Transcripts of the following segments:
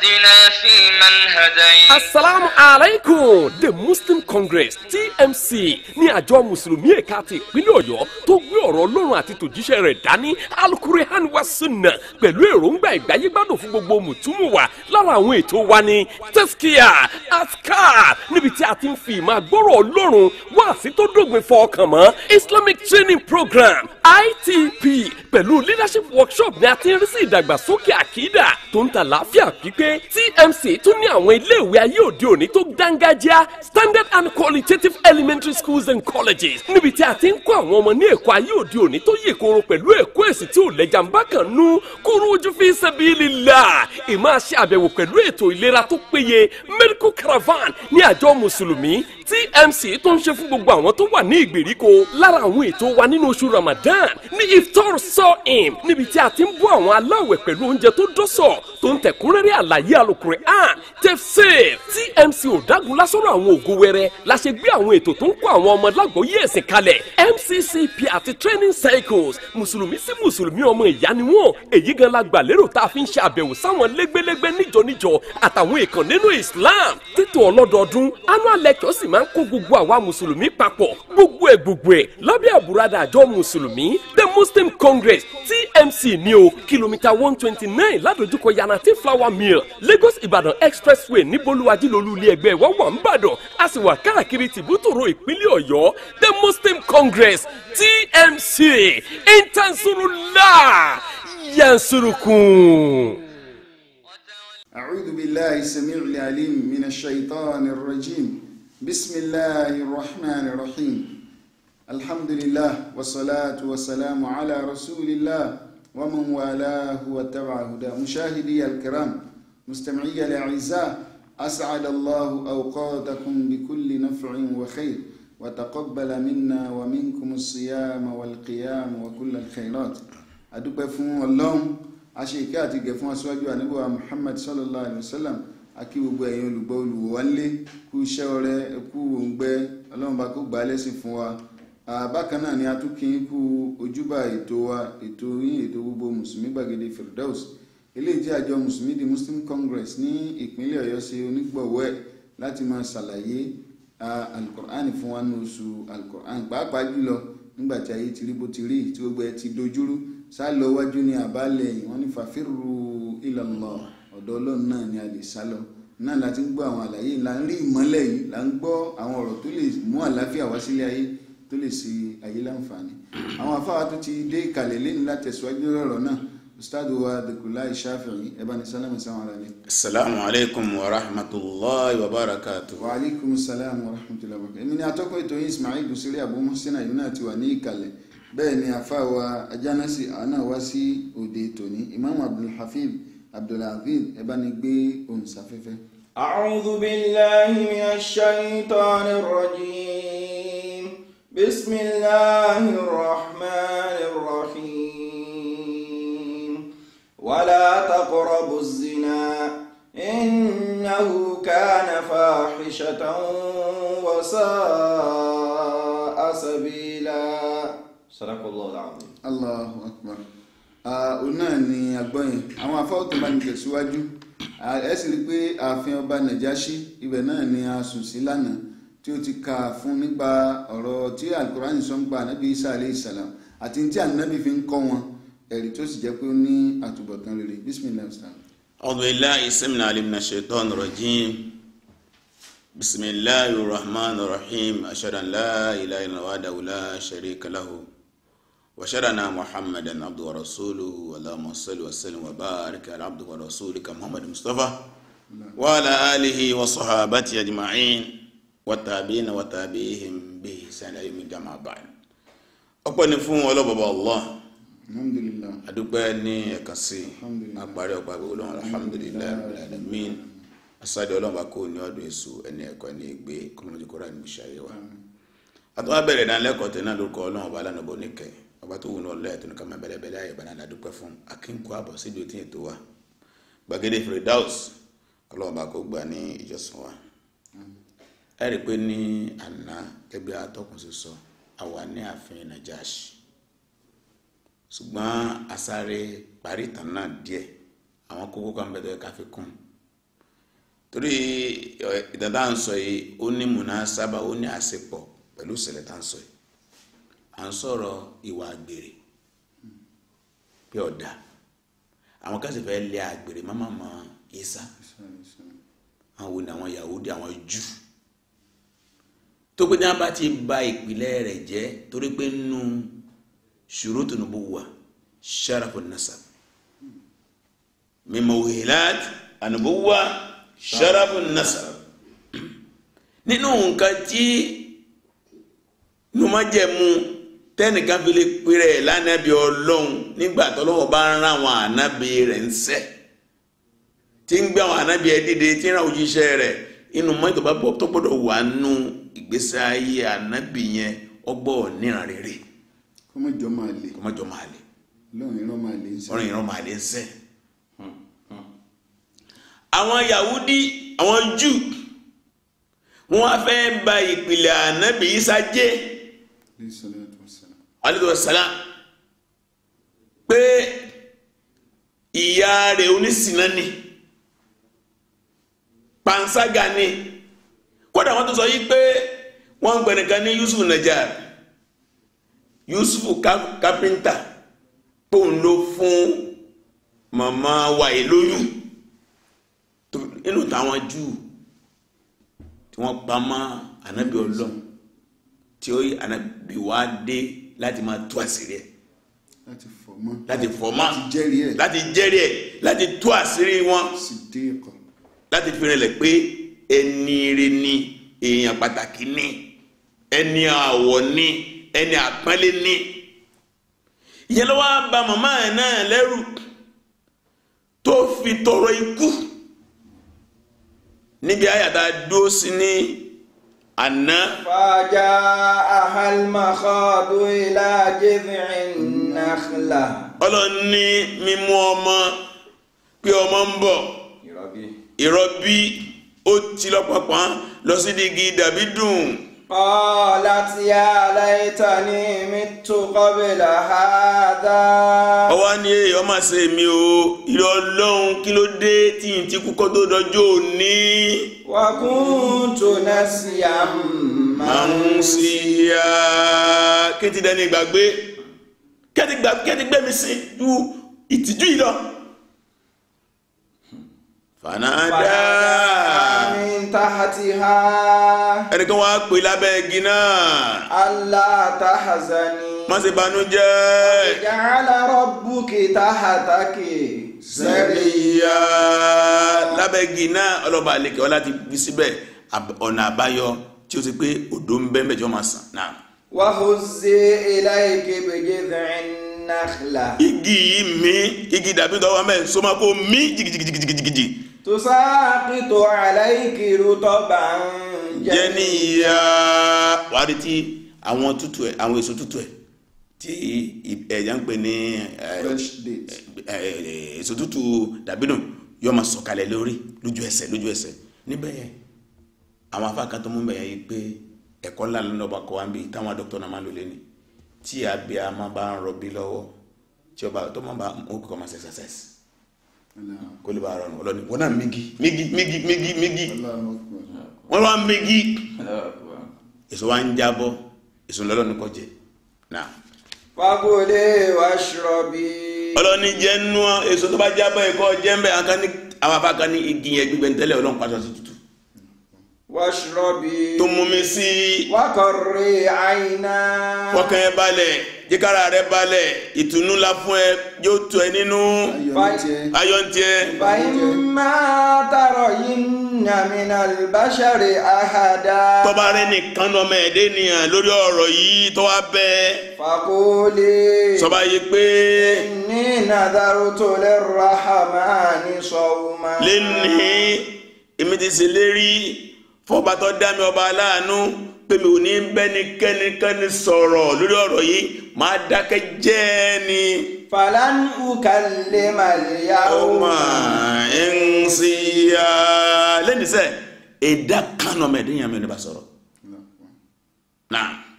واهدنا asalaamu alaikum the muslim congress tmc ní àjọ mùsùlùmí ẹ̀ka ti ìpínlẹ̀ ọ̀yọ́ tó gbé ọ̀rọ̀ ọlọ́run àti tòjíṣẹ́ rẹ̀ dání alukurihan wa sunna pẹ̀lú èròǹgbà ìgbáyégbádùn fún gbogbo mùtúmù wa lára àwọn ètò wa ní tẹ́síkìá askar níbi tí a ti ń fi ìmọ̀ àgbọ̀rọ̀ ọlọ́run wá sí tó dògbìn fọ ọkàn mọ́ islamic training program itp pẹ̀lú leadership workshop ni a ti ń rí sí ìdàgbàsókè àkídà tó ń TMC tún ní àwọn iléèwé ayé òde òní tó dángájá standard and qualitative elementary schools and colleges níbi tí a ti ń kọ́ àwọn ọmọ ní ẹ̀kọ́ ayé òde òní tó yè koro pẹ̀lú ẹ̀kọ́ èsì tí ò lẹ́jà ń bá kàn nú kúrú ojú fi sabilillah ìmáa ṣe àbẹ̀wò pẹ̀lú ètò ìlera tó péye medical caravan ní àjọ mùsùlùmí TMC tó ń ṣe fún gbogbo àwọn tó wà ní ìgbèríko lára àwọn ètò wa nínú oṣù Ramadan ní iftar sọ́ọ̀m níbi tí a ti ń bọ́ àwọn aláwẹ̀ pẹ̀lú oúnjẹ tó dọ́sọ̀ tó ń tẹ̀kúnrẹ́rẹ́ àlàyé Al-Qur'an tafsir TMC ò dágun lásọ̀rọ̀ àwọn ògo wẹrẹ la ṣe gbé àwọn ètò tó ń kó àwọn ọmọ lágbóyè ẹ̀sìn kalẹ̀ MCCP àti training cycles mùsùlùmí sí mùsùlùmí ọmọ ìyá ni wọ́n èyí gan la gbà lérò tá a fi ń ṣe àbẹ̀wò sáwọn lẹ́gbẹ́lẹ́gbẹ́ níjọ níjọ àtàwọn ìkànnínú Islam títò ọlọ́dọọdún annual lecture sì má máa ń kó gbogbo àwa mùsùlùmí papọ̀ gbogbo ẹ̀ gbogbo ẹ̀ lábẹ́ àbúradà àjọ mùsùlùmí the muslim congress tmc ní o kìlómítà one twenty nine ládojúkọ yanati flour mill lagos ìbàdàn expressway níbolúwájú lolú ilé ẹgbẹ́ wa wà ń bàdàn a sì wà káàkiri tìbútòrò ìpínlẹ̀ ọ̀yọ́ the muslim congress tmc intansurula yansurukun. أعوذ بالله السميع العليم من الشيطان الرجيم بسم الله الرحمن الرحيم الحمد لله والصلاة والسلام على رسول الله ومن والاه واتبع هدى مشاهدي الكرام مستمعي الأعزاء أسعد الله أوقاتكم بكل نفع وخير وتقبل منا ومنكم الصيام والقيام وكل الخيرات أدب فون اللهم أشيكاتي فون أسواجي محمد صلى الله عليه وسلم akí gbogbo ẹ̀yin olùgbọ́ olùwò wa nílé kú iṣẹ́ ọrẹ kú òǹgbẹ ọlọ́run bá kó gbà á lẹ́sìn fún wa bákan náà ni a tún kí yín kú ojúbà ètò wa ètò yín ètò gbogbo mùsùlùmí gbàgede firdaus eléyìí jẹ́ àjọ mùsùlùmí the muslim congress ní ìpínlẹ̀ ọ̀yọ́ ṣe onígbọ̀wọ́ ẹ̀ láti máa ṣàlàyé alukur'an fún wa ní oṣù alukur'an pàápàá jùlọ nígbà tí ayé ti rí bó ti rí tí gbogbo ẹ ti dojúrú sá wájú ní àbálẹ̀ yìí ní fàfírù ilallah ọ̀dọ̀ ọlọ́run náà ni a lè sá lọ náà la ti ń gbọ́ àwọn àlàyé la ń rí ìmọ́lẹ̀ yìí la ń gbọ́ àwọn ọ̀rọ̀ tó lè mú àlàáfíà wá sílé ayé tó lè ṣe ayé láǹfààní àwọn afáwa tó ti dé ìkàlẹ̀ lẹ́nu láti tẹ̀síwájú lọ́rọ̀ náà ustaadu wa Dhikrlahi Shafi'i ẹ bá ní sálámù sáwọn ará ilé. asalaamu alaykum wa rahmatulahi wa barakatu. wa aleykum salaam wa rahmatulahi wa barakatu. èmi ni atọ́kùn ètò yín Ismail Gusiri Abu yìí náà ti wà ní ìkàlẹ̀ bẹ́ẹ̀ ni afáwa ajánásì àná wá sí òde tòní Imam Abdul abdulhakeem ẹ bá ní gbé ohùn sáfẹ́fẹ́. a'udhu billahi minash shaitanir rajim bismillahir rahmanir rahim wala taqrabuz zina innahu kana fahishatan wa sa'a sabila. sadaqallahu alazim. Allahu akbar. òun náà ni agbọ́yìn àwọn afáwọ́ tó bá ní tẹ̀síwájú ẹ sì rí i pé ààfin ọba nàjáṣí ibẹ̀ náà ni a sùn sí lánàá tí ó ti kà fún nípa ọ̀rọ̀ tí alukurani sọ ń pa ànábì isa aleyhi salam àti tí ànábì fi ń kọ́ wọn ẹ̀rí tó sì jẹ́ pé ó ní àtúbọ̀tán rere bisimilayi islam. أعوذ بالله السميع العليم من الشيطان الرجيم بسم الله الرحمن الرحيم أشهد أن لا إله إلا الله وشرنا محمدا عبده ورسوله اللهم صل وسلم وبارك على عبده ورسولك محمد مصطفى وعلى آله وصحابته أجمعين والتابعين وتابعيهم بإحسان إلى يوم الجمعة بعد ọpẹ́ ni fún ọlọ́bọ̀bọ̀ allah alhamdulillah adúpẹ́ ní ẹ̀kan sí apárí ọ̀pá gbogbo lọ́wọ́ alhamdulillah rabbil alamin asáde ọlọ́mọba kò ní ọdún èso ẹni ẹ̀kọ́ ẹni ègbé kọ́mọ́lójú kọ́ra ní ìṣàyẹ̀wò àtọ́wọ́ bẹ̀rẹ̀ ìdánilẹ́kọ̀ọ́ tẹ̀ náà lórúkọ ọlọ́mọba alánàbọ̀ níkẹyìn ọba tó wù ní ọlọ́yà tó ní ká máa bẹ̀rẹ̀bẹ̀rẹ̀ àyẹ̀bánà ládùúpẹ́ fún akínkù àbọ̀ síbi òtí ètò wa gbàgede Firdaus ọlọ́run bá kó gbà ní ìjọsìn wa ẹ rí i pé ní àná ẹgbẹ́ atọ́kùn ṣe sọ àwa ní ààfin Najashi ṣùgbọ́n asáré parí ìtàn náà kan bẹ̀rẹ̀ ká fi kún torí ìtàn tá à ó ní múná sábà ó ní àṣepọ̀ pẹ̀lú ìṣẹ̀lẹ̀ tá à à ń sọ̀rọ̀ ìwà àgbèrè pé ọ̀dà àwọn kan sì fẹ́ lé àgbèrè má màmá Ìsá àwọn ni àwọn Yahudi àwọn jù tó pé ní wọn bá ti ba ìpìlẹ̀ rẹ̀ jẹ́ torí pé nínú ṣurutu nubuwa sharafu nasa mímọ òhìlát ànubuwa sharafu nasa nínú nǹkan tí numajẹmu. No tẹ́nìkan fi lè pèrè lánàbí ọlọ́run nígbà tọ́lọ́wọ́ bá ń rán àwọn ànábì rẹ̀ ń sẹ́ tí ń gbé àwọn ànábì ẹ̀ dìde tí ń ra òjíṣẹ́ rẹ̀ inú bá wà nú ayé yẹn ọgbọ́ níran Yahudi àwọn ba ìpìlẹ̀ alẹ́ sàlá pé ìyá rẹ̀ oníṣìnà ni panṣágà ni kódà wọ́n tó sọ yìí pé wọ́n ń gbẹ̀nìkan ní Yusuf Najar Yusuf kápẹ́ńtà tóun ló fún màmá wa yìí lóyún nínú táwọn Júù tí wọ́n pa mọ́ ànábì Ọlọ́run tí ó yí ànábì wá dé láti máa tú àṣírí ẹ̀ láti fọmọ láti fọmọ láti jẹ́rìí ẹ̀ láti tú àṣírí wọn láti fi rinlẹ̀ pé ẹni ire ni èèyàn pàtàkì ni ẹni àwọ̀ ni ẹni àpọ́nlé ni ìyẹn ló wá bà màmá ẹ̀ náà lẹ́rù tó fi tọrọ ikú níbi àyàtà dúró sí ní àná. fàájà ahalmakhadu ilá jẹ́fìrín nàkìlá. ọlọ́ni mímú ọmọ pé ọmọ ń bọ̀ ìrọbí ó ti lọ́pọ̀pọ̀ lọ sí digi dàbí dùn. قالت يا ليتني مت قبل هذا. ó wá ní èyí ọmọ ṣe mi o ìrẹ Ọlọ́run kí ló dé tí n ti kú kó tó dọjọ́ òní. wa kuntu nasiyan mansiya. kí n ti dẹni ìgbàgbé kí n ti gbẹ̀mí sí ju ìtìjú yìí lọ fanada min tahatiha ẹnìkan wá pè lábẹ́ igi náà. Allah tahazani. má ṣe banújẹ́. ìjàlá rabbuki tahataki. sẹ́ríyà. lábẹ́ igi náà ọlọ́ba àlekè ọlá ti fi síbẹ̀ ọ̀nà àbáyọ tí ó ti pé odò ń bẹ́ẹ̀ mẹ́jọ máa sàn náà. wàhùzí ilayki bìjìdìn nakhla. igi yìí mi igi dàbí tọ́wọ́ mẹ́rin sọ́mọ́ kó mi jìgìjìgìjìgìjì tusaqitu alayki rutaban janiya. wàá rí tí àwọn tútù ẹ àwọn èso tútù ẹ tí ẹ̀yà ń pè ní èso tútù dàbínú yóò máa sọ̀kalẹ̀ lórí lójú ẹsẹ̀ lójú ẹsẹ̀ níbẹ̀ yẹn àwọn afáàkàn tó mú bẹ̀yẹ yìí pé ẹ̀kọ́ ńlá ló ń lọ́ba kọ́ wá ń bí táwọn dókítà náà máa ń lò lé ní tí abẹ́ a máa bá ń rọbí lọ́wọ́ tí ọba tó máa bá mú kọ́ máa ṣe exercise kó lè bá ara rùn ọlọ́ni wọn náà migi migi migi migi migi wọn wá migi èso wa ń jábọ́ èso lọ́lọ́ni kọ́ jẹ náà. fagolé washrobi. ọlọ́ni jẹ́ nú èso tó bá jábọ́ ẹ̀kọ́ jẹ́ ń bẹ́ àwọn afáàkà ní igi yẹn gbígbẹ́ ń tẹ́lẹ̀ ọlọ́run pàṣẹ tuntun washrobi. tó mú mi sí. wakọ̀rẹ́ àyìnà. fọkàn ẹ balẹ̀ jíkàrà rẹ balẹ̀ ìtùnú la fún ẹ yóò tu ẹ nínú. ayọ̀ ń tiẹ̀. fàyínmá tààrọ̀ yìí nàmínà bàṣẹ̀rẹ̀ àhàdá. tọ́ba rẹ nìkan ní ọmọ ẹ̀dẹ́ nìyàn lórí ọ̀rọ̀ yìí tó wá bẹ́ẹ̀. fàkóòlè. sọba yìí pé. ní nàdàrú tó lè rahamani sọ̀wọ́mà fọba tó dá mi ọba aláàánú pé mi ò ní bẹ́ni kẹ́nikẹ́ni sọ̀rọ̀ lórí ọ̀rọ̀ yìí máa dákẹ́ jẹ́ ni. falan ukallima al-yawma insiya. lẹ́nu sẹ́ ẹ̀dá kanu ọmọ ẹ̀dínyàn mi ò ní bá sọ̀rọ̀.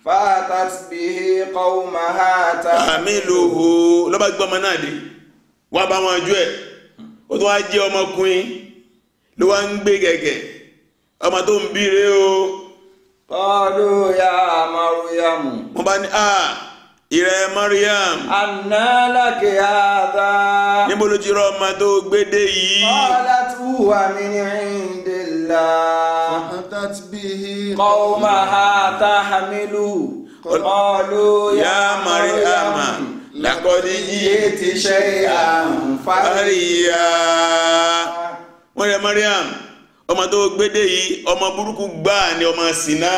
fatat bihi qawmaha tahmiluhu lọ́ba gbọ́ ọmọ náà di wàá bá wọn ju ẹ̀ ó tún wá jẹ́ ọmọkùnrin ló wá ń gbé gẹ̀gẹ̀ ọmọ tó ń bí rèé o. qalu ya Maryam. wọ́n bá ní a ìrẹ́ Maryam. anna laki hadha. níbo ló ti rọ ọmọ tó gbédè yìí. qalat huwa min indillah. fatat bihi. qawmaha tahmilu. qalu ya Maryam. laqad ji'ti shay'an fariya. wọ́n rẹ̀ Maryam ọmọ tó gbédè yìí ọmọ burúkú gbáà ni ọmọ sínà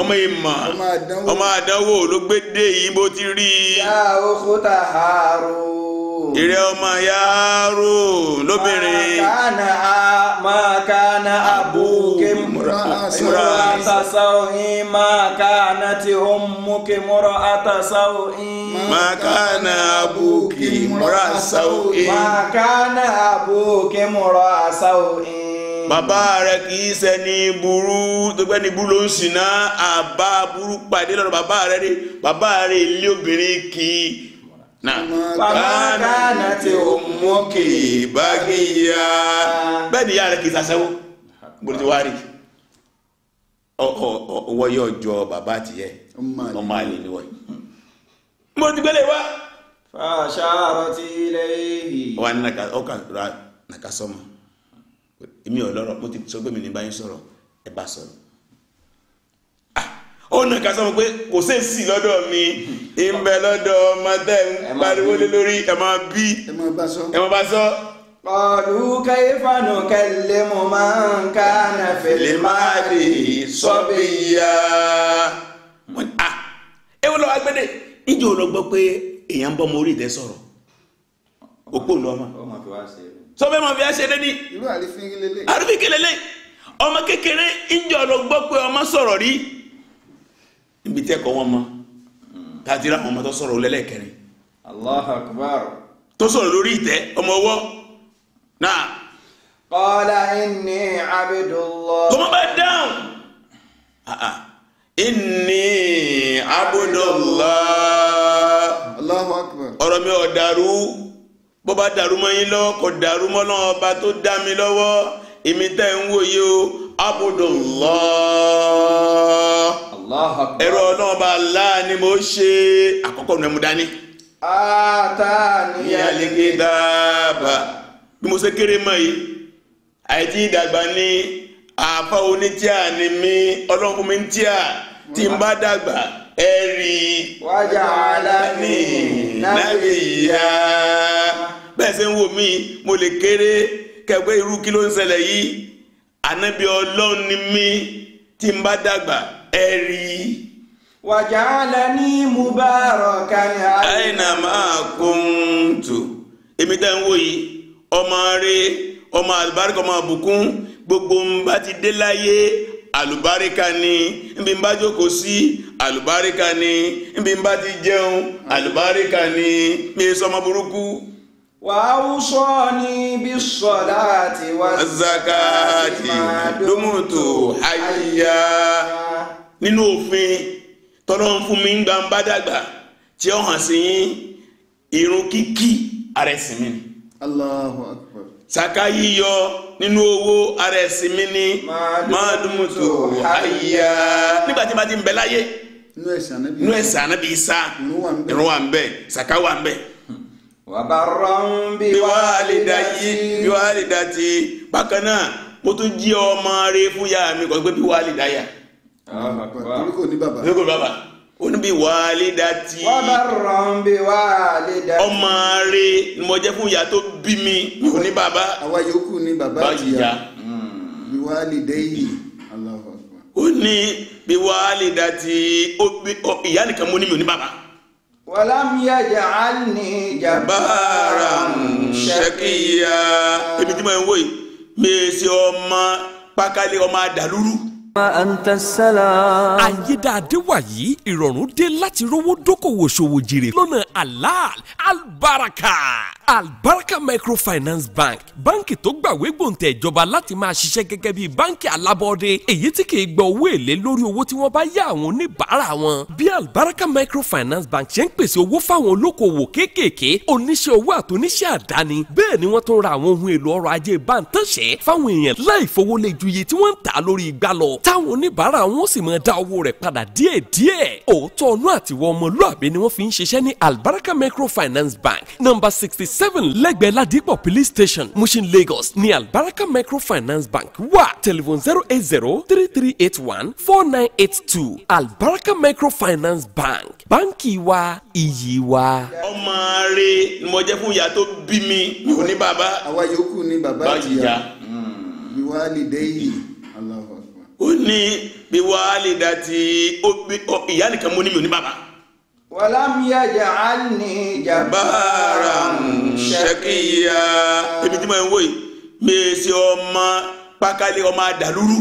ọmọ ìmọ̀ ọmọ àdánwò ló gbédè yìí bó ti rí i. yá oko ta haaro. ìrẹ́ ọmọ yaaro lóbìnrin. máa kana abu kemura atasawoyin máa kana ti ọmú kemura atasawoyin. máa kana abu kemura asawoyin. máa kana abu kemura asawoyin. bàbá rẹ̀ kì í ṣẹni burú tópẹ́ ni burú ló ń sìn náà àbá burú pàdé lọ́dọ̀ bàbá rẹ̀ ni bàbá rẹ̀ ilé obìnrin kì í. kàkánà tí o mú kì í bá kì í ya. bẹ́ẹ̀ ni ìyá rẹ̀ kì í sàṣẹ́wó gbòdì wá rí ọwọ́ yóò jọ bàbá ti gbélé wa. fàṣà àròtí ilé yìí. ọkàn èmi ò lọ́rọ̀ mo ti sọ pé mi ní báyìí sọ̀rọ̀ ẹ bá sọ̀rọ̀ ah, ó nà ká sọmọ pé kò sí èsì lọ́dọ̀ mi ń bẹ lọ́dọ̀ ọmọ tẹ́ ń pariwo lé lórí ẹ máa bí ẹ máa bá sọ. Qalu kayfa nukallimu man kana fil mahdi sabiyya. Ah, ewu lọ agbẹ́dẹ̀, ìjọ lọ gbọ́ pé èèyàn ń bọ́ mọ orí ìtẹ́ sọ̀rọ̀. Òpó lọ́mọ. Ó máa fi wá sí i sọfẹ́ máa fi ẹ́ ṣe irú àrífín kelele. àrífín kelele ọmọ kékeré ìjọ ló gbọ́ pé ọmọ sọ̀rọ̀ rí ibi tẹ́kọ̀ọ́ wọn mọ tàbí àwọn ọmọ tó sọ̀rọ̀ lẹ́lẹ́kẹrin. Allahu Akbar. tó sọ̀rọ̀ lórí ìtẹ́ ọmọ ọwọ́ náà. qala inni abdullah. kọ́mọ bá dáhùn. inni abdullah. Allahu Akbar. ọ̀rọ̀ mi ò dàrú bó bá dàrú mọ́ yín lọ́wọ́ kò dàrú mọ́ lọ́wọ́ ọba tó dá mi lọ́wọ́ èmi tẹ́ ń wòye o abudullah ẹ̀rọ náà bá láà ni mo ṣe àkọ́kọ́ ní ẹmu dání. àtàníyàn lè dábà bí mo ṣe kéré mọ́ yìí àìtí ìdàgbà ni àfa onítíà ni mi ọlọ́run mi ń tíà tí n bá dàgbà ẹ rí i. wájà aláàánú náà lè yá bẹ́ẹ̀ ṣe ń wò mí mo lè kéré kẹgbẹ́ irú kí ló ń ṣẹlẹ̀ yìí ànábì ọlọ́run ni mí tí n bá dàgbà ẹ rí i. waj'alani mubarakan aina ma kuntu èmi tẹ́ ń wò yìí ọmọ rẹ ọmọ àlùbáríkà ọmọ àbùkún gbogbo ń bá ti dé láyé àlùbáríkà ni nbí ń bá jókòó sí àlùbáríkà ni nbí ń bá ti jẹun àlùbáríkà ni mi sọmọ burúkú. وأوصاني بالصلاة والزكاة دمت حيا nínú òfin tọ́lọ́run fún N'inu ofin gba ń ngba dàgbà tí ó hàn sí ara mi saka nínú owó ara mi ni máa dumutu hayya. nígbà tí bá ń bẹ láyé nínú isa irun wa ń bẹ saka ń wàbàrán bí wàlídàyí bí wàlídàtì bákan náà mo tún jí ọmọ rẹ fún ya mi kò pé bí wàlídàyà. torí kò ní bàbá. torí kò ní bàbá ó ní bí wàlídàtì. wàbàrán bí wàlídàtì. ọmọ rẹ ni mo jẹ́ fún ìyá tó bí mi mi kò ní bàbá. àwa yòókù ni bàbá ìyá hmm. bí wàlídàyí. ó ní bí wàlídàtì ìyá nìkan mo ní mi ò ní bàbá wàlámù yàjà á ní jàbára ṣẹkìyà. èmi tí mo ń wò yìí mi ò ṣe ọmọ pákálẹ̀ ọmọ àdàlúrú àyédáadé wàyí ìrọ̀rùn dé láti rówó dókòwò ṣòwò jèrè lọ́nà alal albaraka albaraka microfinance bank báǹkì tó gbàwé gbòǹtẹ̀ ìjọba láti máa ṣiṣẹ́ gẹ́gẹ́ bí báǹkì alábọ́ọ́dé èyí tí kìí gba owó èlé lórí owó tí wọ́n bá yá àwọn oníbàárà wọn. bí albaraka microfinance bank ṣe ń pèsè owó fáwọn olókoòwò kéékèèké oníṣẹ́ owó àtúnṣe àdáni bẹ́ẹ̀ ni wọ́n tún ra àwọn ohun èlò ọrọ̀ ajé bántánṣẹ́ fáwọn èèyàn láì fowó lè ju iye tí wọ́n ń tà lórí igbá lọ táwọn oníbàárà wọn sì máa dá owó rẹ̀ padà díẹ̀díẹ̀ òótọ́ ọ̀nà àtiwọ́ ọmọlúàbí ni wọ́n fi ń ṣiṣẹ́ ní albaraka microfinance bank number sixty seven lẹ́gbẹ̀ẹ́ ladipo police station mushin lagos ní albaraka microfinance bank wà telephone zero eight zero three three eight one four nine eight two albaraka microfinance bank báńkì wa iyì wa. ọmọ rẹ ni mo jẹ́ fún ìyá tó bí mi mi ò ní bàbá. àwa yòókù ni bàbá àti ìyá bí hmm. wàá lè ó ní bí wàhálì dàtí ìyá nìkan mo ní mi ò ní bàbá. wàlám yàjà á ní jàbára ṣẹkìyà. èmi tí mo ń wò yìí mi è ṣe ọmọ pákálẹ̀ ọmọ àdàlúrú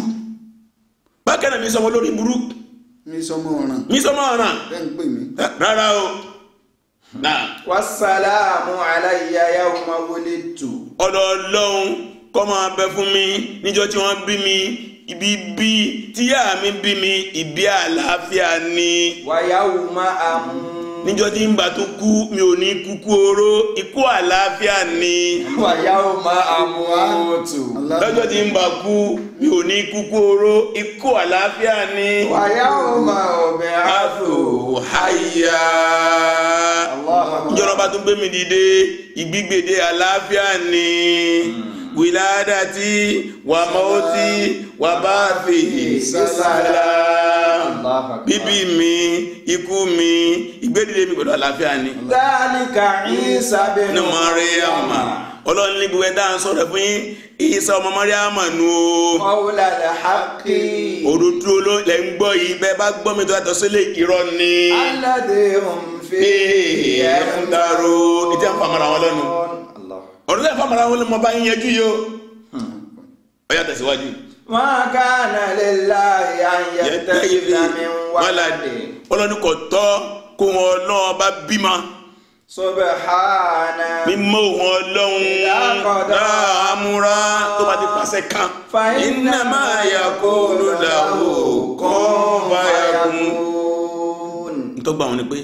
bákan náà mi sọmọ lórí burú. mi sọmọ ọ̀ràn. mi sọmọ ọ̀ràn. bẹ́ẹ̀ ń pè mí. rárá o. wàsálàmù aláìyá yawma wulidtu. ọ̀dọ̀ ọlọ́run kọ́ máa bẹ fún mi níjọ́ tí wọ́n bí mi ibi bi tíyá mi bí mi ìbí àlàáfíà ni. wàyà wò má a mú. níjọ́ tí ń bá tún kú mi ò ní kúkú oró ikú àlàáfíà ni. wàyà wò má a mú àmọ̀tò. lọ́jọ́ tí ń bá kú mi ò ní kúkú oró ikú àlàáfíà ni. wàyà wò má ọ̀bẹ àfò háyà. ìjọba tún gbé mi dìde ìgbígbèdè àlàáfíà ni. Mm wiladati wa mauti wa baathi salam bíbí mi ikú mi ìgbédìde mi gbọ́dọ̀ àlàáfíà ni. dáníkà ìsà bẹ́ẹ̀ ni mọ́ríyàmà ọlọ́run ní gbogbo ẹ̀dá ń sọ̀rọ̀ fún yín ìsà ọmọ mọ́ríyàmà nu o. ọ̀wùlà lè ha kí. ló lẹ̀ ń gbọ́ yìí bẹ́ẹ̀ bá gbọ́ mi tó yàtọ̀ sílé irọ́ ni. aládé òun fi ẹ̀rù dàrú. ìjà ń fa wọn lẹ́nu ọ̀rọ̀ náà fáwọn aráwọ̀ lọ́mọ bá ń yẹjú yìí o ó yà tẹ̀síwájú. wọn kà nà lè la àyà tẹ̀síwájú mi wá ládé. ọlọ́ni kò tọ́ kó wọn náà bá bímọ. Subhana. Mímọ́ òun ọlọ́run láàmúra tó bá ti pàṣẹ kan. Inna ma yakulu lahu kun fayakun. Ntọ́gbà wọn ni pé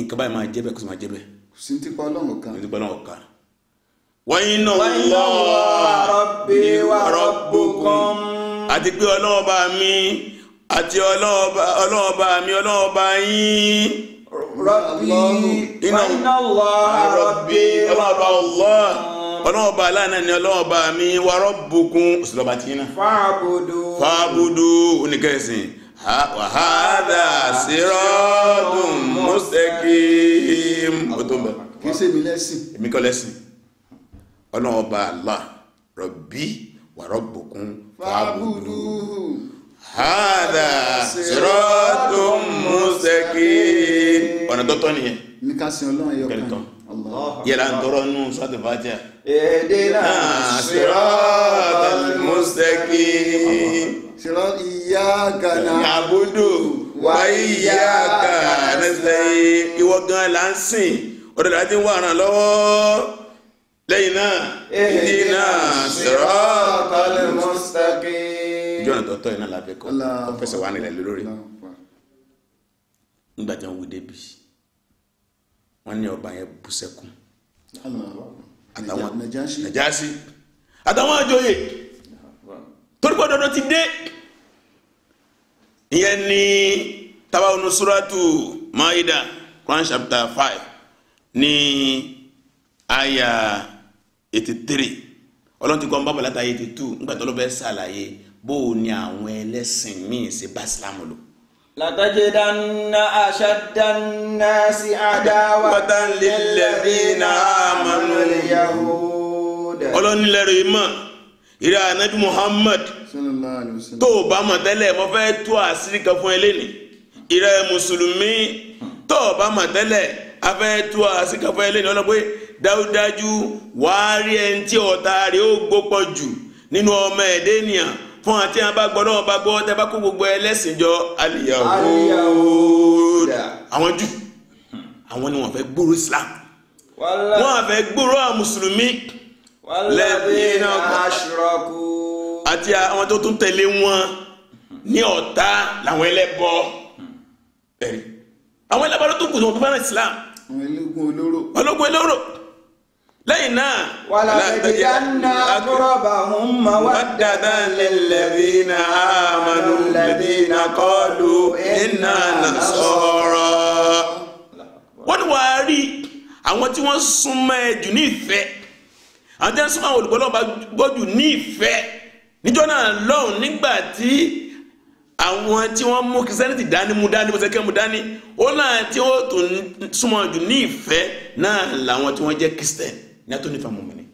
nǹkan báyìí máa jẹ́ bẹ́ẹ̀ kó sì máa jẹ́ bẹ́ẹ̀. Sintikọ́ ọlọ́run kan. Sintikọ́ ọlọ́run kan. وإن الله àti pé ọlọ́run mi àti ọlọ́run mi ọlọ́run yín. aláàánà ni mi wà rọ́bùkún òsìlọ́bà tí iná fàábùdù fàábùdù oníkẹ́sìn mọ́sẹ̀kì bẹ̀. kí ṣe mi lẹ́sìn. èmi kọ́ lẹ́sìn. ọlọ́run ọba allah rọ̀bí wàrọ̀bùkún fàbùdù hàdà sirọ́tún mùsẹ̀kìm ọ̀nà tọ́tọ́ nìyẹn. ní ká sin ọlọ́run ẹ̀yọ̀ kan yẹra ń tọrọ nù sọ́tò fàájà. èdèlà sirọ́tún mùsẹ̀kìm. sirọ́ ìyá gànà. àbúdò wáyé ìyá gànà sẹ́yìn ìwọ gan la ń sìn ọ̀dọ̀ làdí wà ràn lọ́wọ́ lẹ́yìn náà ihdina siratal mustaqim. ojú ọ̀nà tọ́tọ́ yìí náà la fẹ́ kọ́ ọ fẹsẹ̀ wà nílẹ̀ lórí nígbà tí wọ́n wí débi wọ́n ní ọba yẹn bú sẹ́kún àtàwọn Nàjáṣì àtàwọn àjòyè torí pé dandan ti dé ìyẹn ní tabawonu suratu Maida Quran chapter five ní aya eighty three ọlọ́run ti kọ́ bábọ̀ látà eighty two nígbà tó ló fẹ́ ṣàlàyé bó o ní àwọn ẹlẹ́sìn míì ṣe bá islam lò. لتجدن أشد الناس عداوة للذين آمنوا اليهود ọlọ́run nílẹ̀ rẹ̀ mọ̀ ìrẹ́ anabi Muhammad tó o bá mọ̀ tẹ́lẹ̀ mo fẹ́ tú àṣírí kan fún ẹ lẹ́nìí ìrẹ́ mùsùlùmí tó o bá mọ̀ tẹ́lẹ̀ a fẹ́ tú àṣírí kan fún ẹ lẹ́nìí ọlọ́pẹ́ dájúdájú wàá rí ẹni tí ọ̀tá rẹ̀ ó gbópọ̀ jù nínú ọmọ ẹ̀dẹ́ ènìyàn fún àti àbá gbọ́dọ̀ ọba gbọ́ tẹ́ bá kó gbogbo ẹlẹ́sìn jọ aliyahuda àwọn jù àwọn ni wọ́n fẹ́ gbúrú islam wọ́n fẹ́ gbúrú àwọn mùsùlùmí lẹ́yìn aṣọ́rọ́kù àti àwọn tó tún tẹ̀lé wọn ní ọ̀tá làwọn ẹlẹ́bọ ẹ̀rí àwọn ẹlẹ́bọ ló tún kù tó wọn tó fẹ́ràn islam ológun olóró ológun olóró lẹ́yìn náà. wàlá ẹ̀jẹ̀ anna akúrọ̀bà hùn mà wá dàda lẹ́lẹ́bí na amanu lẹ́bí na kọ́ọ̀lù iná na sọ̀rọ̀. wọ́n ní wàá rí àwọn tí wọ́n súnmọ́ ẹ jù ní ìfẹ́ àwọn tí wọ́n súnmọ́ àwọn olùgbọ́ lọ́wọ́ gbọ́ jù ní ìfẹ́ níjọ́ náà lọ́hùn nígbà tí àwọn tí wọ́n mú kìsẹ́nìtì dání mú dání mú sẹ́kẹ́ mú dání ó náà tí ó tún súnmọ́ jù ní ìfẹ́ náà làwọn tí wọ́n jẹ́ kìsẹ́nì ní a tó nífa mọ̀ mẹ́ni.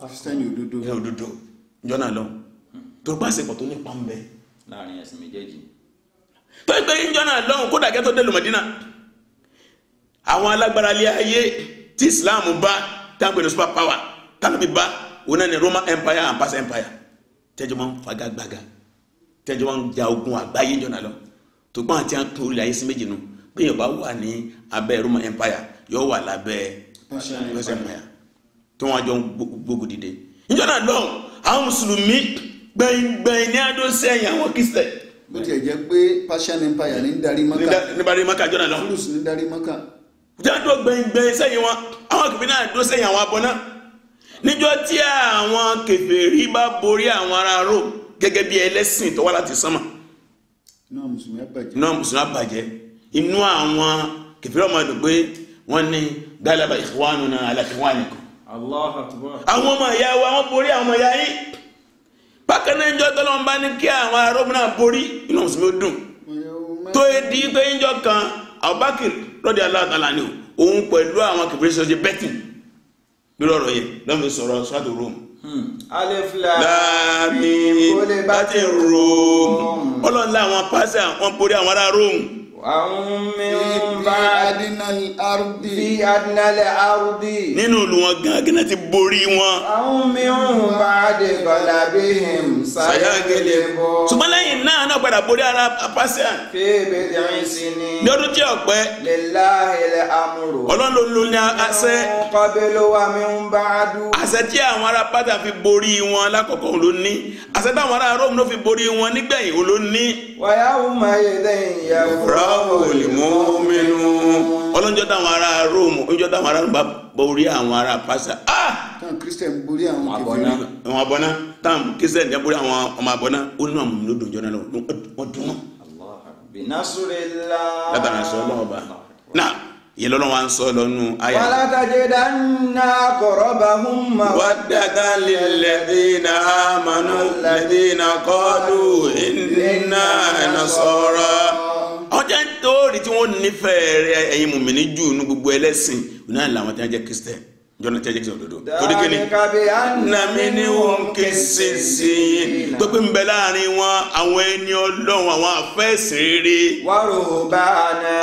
kristiani òdodo. ní òdodo jọ́nà lọ tó bá ṣe pọ̀ tó nípa ń bẹ. láàrin ẹ̀sìn méjèèjì. tó ń pè é jọ́nà lọ́hùn kódà àwọn alágbára ilé ayé tí Islam bá táwọn super power táwọn bí bá òun ni Roman Empire and past Empire tẹ́jọ́ máa ń fagagbága tẹ́jọ́ máa ń ja ogun àgbáyé jọ́nà lọ tó gbọ́n àti àtúntò ilé ayé sí méjì nù bí yóò bá wà ní abẹ́ Roman Empire yóò wà lábẹ́ Persian Empire tí wọ́n àjọ gbogbo dìde níjọ́ náà lọ́hùn àwọn mùsùlùmí gbẹ̀yìngbẹ̀yìn ní àdó sẹ́yìn àwọn kìsẹ̀. bó tiẹ̀ jẹ́ pé Persian Empire ní darí maka ní darí maka jọ́nà lọ́hùn Fúlùsì ní darí maka. jáde gbẹ̀yìngbẹ̀yìn sẹ́yìn wọn àwọn kìfì náà dó sẹ́yìn àwọn abọ́ náà níjọ́ tí àwọn kèfèrí bá borí àwọn ará Rome gẹ́gẹ́ bí ẹlẹ́sìn tó wá láti sánmà náà mùsùlùmí àbàjẹ́ inú àwọn kèfèrí ọmọdé pé wọ́n ní galaba ikhwanuna ala ikhwanikum Allah akbar. àwọn ọmọ ìyá wa wọ́n borí àwọn ọmọ ìyá yín bákan náà ìjọ tọ́lọ́ ń bá ní kí àwọn arógun náà borí inú mùsùlùmí ó dùn tó yẹ di pé ìjọ kan Abubakar lọ́dẹ aláàtàlá ni òun pẹ̀lú àwọn kìbìrì sọ́jẹ́ bẹ́tì lórí ọ̀rọ̀ yẹn lọ́mọ sọ̀rọ̀ sọ́dọ̀ Rome. Hmm. alif lam mim bá ti Rome ọlọ́run láwọn pásá wọn borí àwọn ará Rome àwọn min ba'dinal fi adnal ardi. nínú ìlú wọn gángan ti borí wọn. àwọn min ba'di ghalabihim sayaghlibun bọ́. ṣùgbọ́n lẹ́yìn náà náà padà borí ara apáṣẹ. fi bid'i sinin. ní ọdún tí ọ̀pẹ. lillahil amru. ọlọ́run ló ní àṣẹ. qablu tí àwọn ará pátá fi borí wọn lákọ̀ọ́kọ́ ló ní. àṣẹ táwọn ará róòmù ló fi borí wọn nígbẹ̀yìn ló ní. wa yawma idhin yawra olùmọ́mẹ́nu. ọlọ́njọ́ táwọn ará róòmù ọjọ́ táwọn ará róòmù bá borí àwọn ará pásá. Ah! táwọn kristian borí àwọn kẹfìrí. àwọn abọ́ná táwọn kristian jẹ́ borí àwọn ọmọ abọ́ná ó nínú àwọn olódò jọ náà wọ́n dùn wọ́n. látara sọ ọlọ́wọ́ bá náà yẹlẹ lọ wọn sọ lọnu ayé. wàlàtàjẹ dáná kọrọba hun ma. wàdàgà lẹ́dínà amanu lẹ́dínà kọ́lù ìnínà ẹ̀nà sọ̀rọ̀ ọjọ́ nítorí tí wọ́n nífẹ̀ẹ́ rẹ ẹ̀yin mùmìnì jù ní gbogbo ẹlẹ́sìn náà làwọn tí wọ́n jẹ́ kristẹni jọ́nà tí wọ́n jẹ́ kristẹni òdodo torí kí ni nàmi ni wọ́n ké sí sí i pépé ń bẹ láàrin wọn àwọn ẹni ọlọ́run àwọn àfẹ́sìn rere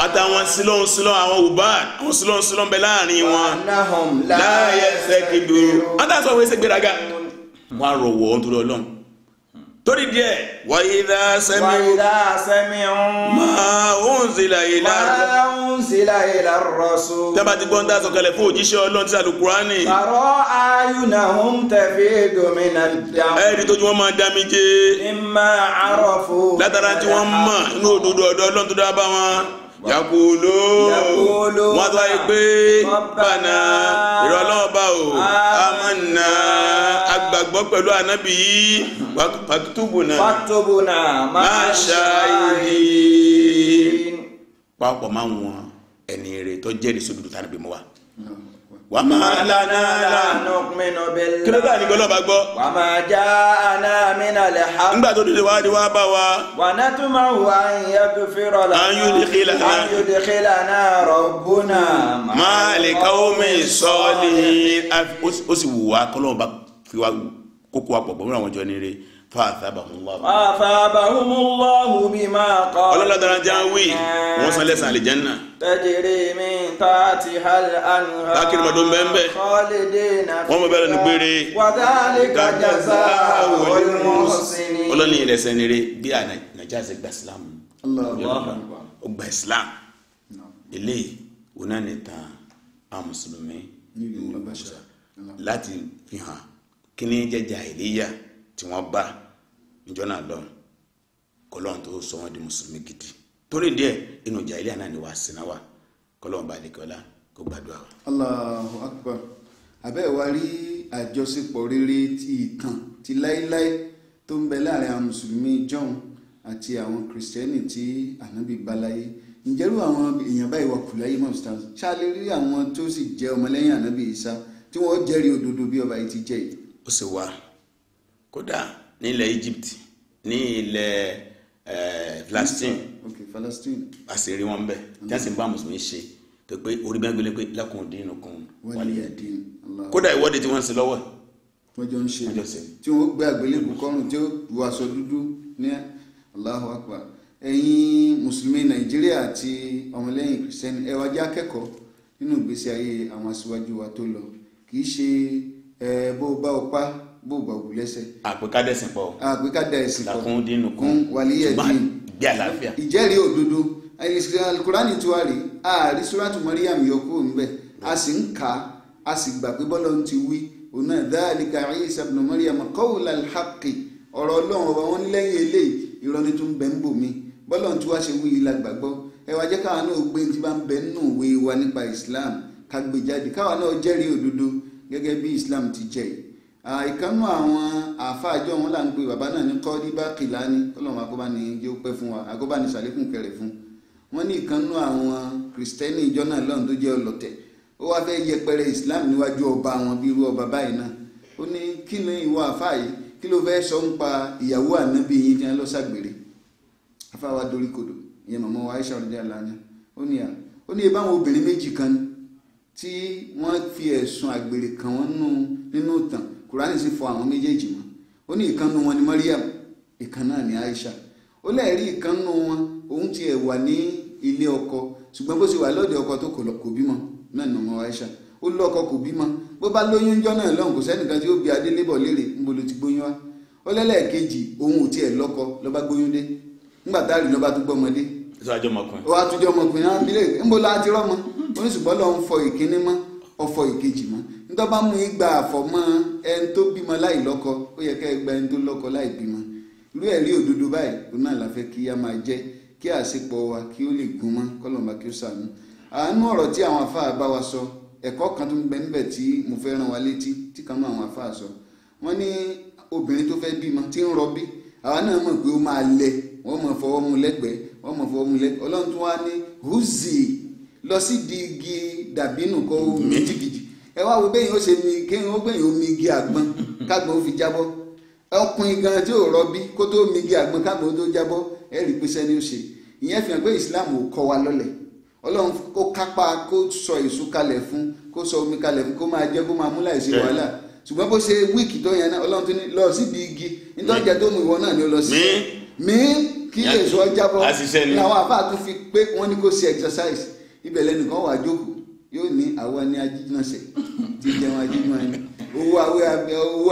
àtàwọn sílọ́hún àwọn ùbá àwọn sílọ́hún bẹ láàrin wọn láàyè ẹsẹ̀ wọ́n tà sọ wọ́n torí díẹ̀. wa idha sami'u. wa idha sami'u. ma unzila ila. ma unzila ila rasul. tẹ́bà ti gbọ́n dáa sọ̀kalẹ̀ fún òjíṣẹ́ ọlọ́run tí sàlù kúránì. tara'ayunahum tafidu minal dam. ẹ̀rí tó ju wọ́n máa dami jẹ́. imma arafu. látara tí wọ́n mọ̀ inú òdodo ọ̀dọ́ ọlọ́run tó dáa wọn yakulu wọ́n sọ pé bana ìrọ̀lọ́ọ̀bá o amanna agbàgbọ́ pẹ̀lú anabi yìí pàtúbùnà pàtúbùnà máa ṣáàyè papọ̀ máa ń wọn ẹni rẹ̀ tó jẹ́rìí sódùdú tánàbí mọ́ wa wà máa lana lánà pinnu bẹ́ẹ̀. kí ló dé àníkọ́ lọ́ba gbọ́. wà máa já aná mina lè ha. nígbà tó dìde wáá di wá bá wa. wà á tún wà ń yẹ kó fẹ́rọ la. an yóò dèkè la náà. an yóò dèkè la náà rọ̀gbọ́nà. máa lè káwó mi sọ́ọ́lì. ó sì wù wá kọ́lọ́wọ́ bá fi wá kókó wa pọ̀ pọ̀ àwọn jọ ní rè é fàtàbàmúláhù bímá kọ́ ọlọ́lọ́dọ́rọ́jà wí wọ́n san lẹ́sàn àlìjánná. tajiri min taati hal anha. lákìrì mọ́tò ń bẹ́ẹ̀ bẹ́ẹ̀. kọ́lédé náà fi wọ́n mọ bẹ́ẹ̀ lẹ́nu gbére. wàtálì kàjàsá olùmọ̀sìnì. ọlọ́ni ìrẹsẹ̀ nire bí a nàìjíríà ṣe gba islam. ó gba islam. eléyìí wọn a mùsùlùmí láti fi hàn kí ni jẹ́ jàhílíyà tí wọ́n bá níjọ́ náà lọ́hùn kọlọ́hún tó sọ wọ́n di mùsùlùmí gidi torí díẹ̀ inú ìjà ilé àná ni wàá sìn náà wà bá lè kọ́lá kó gbàdúrà wa. Allahu akbar abẹ́ wa rí àjọṣepọ̀ rere ti ìtàn ti láíláí tó ń bẹ láàrin àwọn mùsùlùmí john àti àwọn kìrìsìtẹ́nì tí ànábì balaye ǹjẹ́rú àwọn èèyàn báyìí wà kùláyé mọ̀ọ́sítà ṣáàlè rí àwọn tó sì jẹ́ ọmọlẹ́yìn ànábì Ìsá tí wọ́n jẹ́rìí òdodo bí ọba yìí ti jẹ́ yìí. ó sì wá kódà ní ilẹ̀ Egypt ní ilẹ̀ eh, Palestine a sì rí wọn bẹ́ẹ̀ tí wọ́n sì ń bá mùsùlùmí ṣe tó pé orí bẹ́ẹ̀ gbélé pé lakum dinukum waliya din kódà ìwọ́de tí wọ́n ń ṣe lọ́wọ́ wọ́n jọ ń ṣe tí wọ́n gbé àgbélébù kọ́rùn tí ó wọ aṣọ dúdú ní Allahu Akbar ẹ̀yin mùsùlùmí nàìjíríà àti ọmọlẹ́yìn kìrìsìtẹ́nì ẹ wá akẹ́kọ̀ọ́ nínú ìgbésí ayé àwọn aṣíwájú wa tó lọ kì í ṣe ẹ eh, bó bá o pa gbogbo àgùlẹ́sẹ̀. àpèkádẹ́ sìn pọ̀. àpèkádẹ́ sìn pọ̀ làkún dínú kún wàlíyẹ̀ dín gbé àlàáfíà. ìjẹ́rìí òdodo alukurani tiwa rè ààrí suratu mariam yọkú níbẹ̀ a sì ń kà á a sì gbà pé bọ́lá ń ti wí òun náà dáàlíkà Isa ibn mariam qawla al-haqqi ọ̀rọ̀ ọlọ́run ọba wọn lẹ́yìn eléyìí ìrọ́ni tó ń bẹ ń bò mí bọ́lá ń tiwa ṣe wí ilà gbàgbọ́ ẹ wá jẹ́ káwa náà gbé tí bá ń bẹ nínú òwe wa nípa Islam ká gbé jáde káwa náà jẹ́rìí òdodo gẹ́gẹ́ bí Islam ti jẹ́ yìí ìkànnù àwọn àáfàá àjọ wọn là ń pe bàbá náà ní kọ́díbá kìláni kọ́lọ́mù agóbáni yóò pẹ́ fún wa agóbáni sàlékún kẹrẹ̀ fún wọn ní ìkànnù àwọn kìrìsìtẹ́nì ìjọ náà lọ́run tó jẹ́ ọlọ́tẹ̀ ó wá fẹ́ yẹpẹrẹ islam níwájú ọba wọn bí irú ọba báyìí náà ó ní kí ni ìwọ àáfàá yìí kí ló fẹ́ sọ ń pa ìyàwó ànábì yìí jẹ́ lọ́sàgbèrè àáfàá wa dorí kodò ìyẹn màmá wa aisha ọ̀dẹ́ àlàní ó ní à ó ní ebáwọn obìnrin méjì kan tí wọ́n fi ẹ̀sùn àgbèrè kàn wọ́n nínú ìtàn kùránì si fọ àwọn méjèèjì mọ́ ó ní wọn ni Mariam ìkan náà ni Aisha ó lẹ́ẹ̀rí ìkànnù wọn òun ti ẹ̀ wà ní ilé ọkọ ṣùgbọ́n bó ṣe wà lọ́dẹ ọkọ tó kò bímọ náà nà Aisha ó lọ́kọ kò bímọ bó bá lóyún náà lọ́hùn kò sẹ́nìkan tí ó léèrè ti gbóyún wá ó lẹ́lẹ́ẹ̀kejì òun ò lọ́kọ gbóyún dé ńgbà táàrí tó bá mú igba àfọ̀mọ́ ẹni tó bímọ láì lọ́kọ ó yẹ ká ẹgbà ẹni tó lọ́kọ láì bímọ irú ẹ̀rí òdodo báyìí òun náà la fẹ́ kí a máa jẹ́ kí àṣepọ̀ wa kí ó lè gún mọ́ kọ́lọ́mà kí ó sànú. àánú ọ̀rọ̀ tí àwọn afáà bá wa sọ ẹ̀kọ́ kan tó ń bẹ níbẹ̀ tí mo fẹ́ rán wa létí tí kan náà àwọn afáà sọ wọ́n ní obìnrin tó fẹ́ bímọ tí ń rọbí àwa náà mọ̀ pé ó máa lẹ wọ́n mọ̀ fọwọ́ mu lẹ́gbẹ̀ẹ́ wọ́n mọ̀ fọwọ́ mu lẹ́gbẹ̀ẹ́ ọlọ́run tó wá ní húzì lọ sí di igi dàbínù kọ́ méjìg ẹ wá wo bẹ́yìn ó ṣe mi kéyìn ó gbẹ̀yìn ó mi igi àgbọn kágbọn ó fi jábọ́ ọkùnrin gan tí ò rọbí kó tó mi igi àgbọn kágbọn ó tó jábọ́ ẹ rí pé sẹ́ni ó ṣe ìyẹn fi hàn pé Islam ò kọ́ wa lọ́lẹ̀ Ọlọ́run kó kápá kó sọ èso kalẹ̀ fún kó sọ omi kalẹ̀ fún kó máa jẹ́ kó máa mú láìsí wàhálà ṣùgbọ́n bó ṣe wíìkì tó yẹn náà Ọlọ́run tó ní lọ síbi igi nítorí tó mú ìwọ náà ni ó lọ sí mi kí èso ọjà bọ́ làwọn àbá tó fi pé wọ́n ní kó ṣe exercise ibẹ̀ lẹ́nìkan wà jókòó yóò ní àwa ní ajíjìnàṣẹ tí jẹun ajíjìnà yẹn owó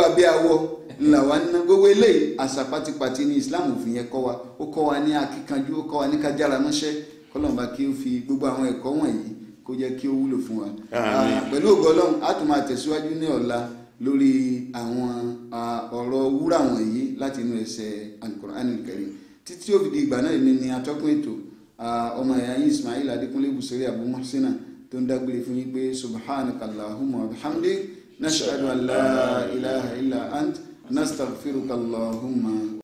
abẹ́ awọ ńlá wa ná gbogbo eléyìí àṣà pátipàti ní Islam òfin yẹn kọ́ wa ó kọ́ wa ní akíkanjú ó kọ́ wa ní kájára mọ́ṣẹ́ kọ́lọ́mùbá kí ó fi gbogbo àwọn ẹ̀kọ́ wọ̀nyí kó jẹ́ kí ó wúlò fún wa ah, pẹ̀lú ògo Ọlọ́run á tún ní ọ̀la lórí àwọn ọ̀rọ̀ wúrà wọ̀nyí láti inú ẹsẹ̀ al títí ó ìgbà náà èmi ni atọ́kùn ètò ọmọ ẹ̀yà yín Ismail Adékúnlé Busiri Abu Muhsina tó ń dágbére fún yín pé subhanakallahumma wa bihamdik nashhadu an la ilaha illa ant nastaghfirukallahumma.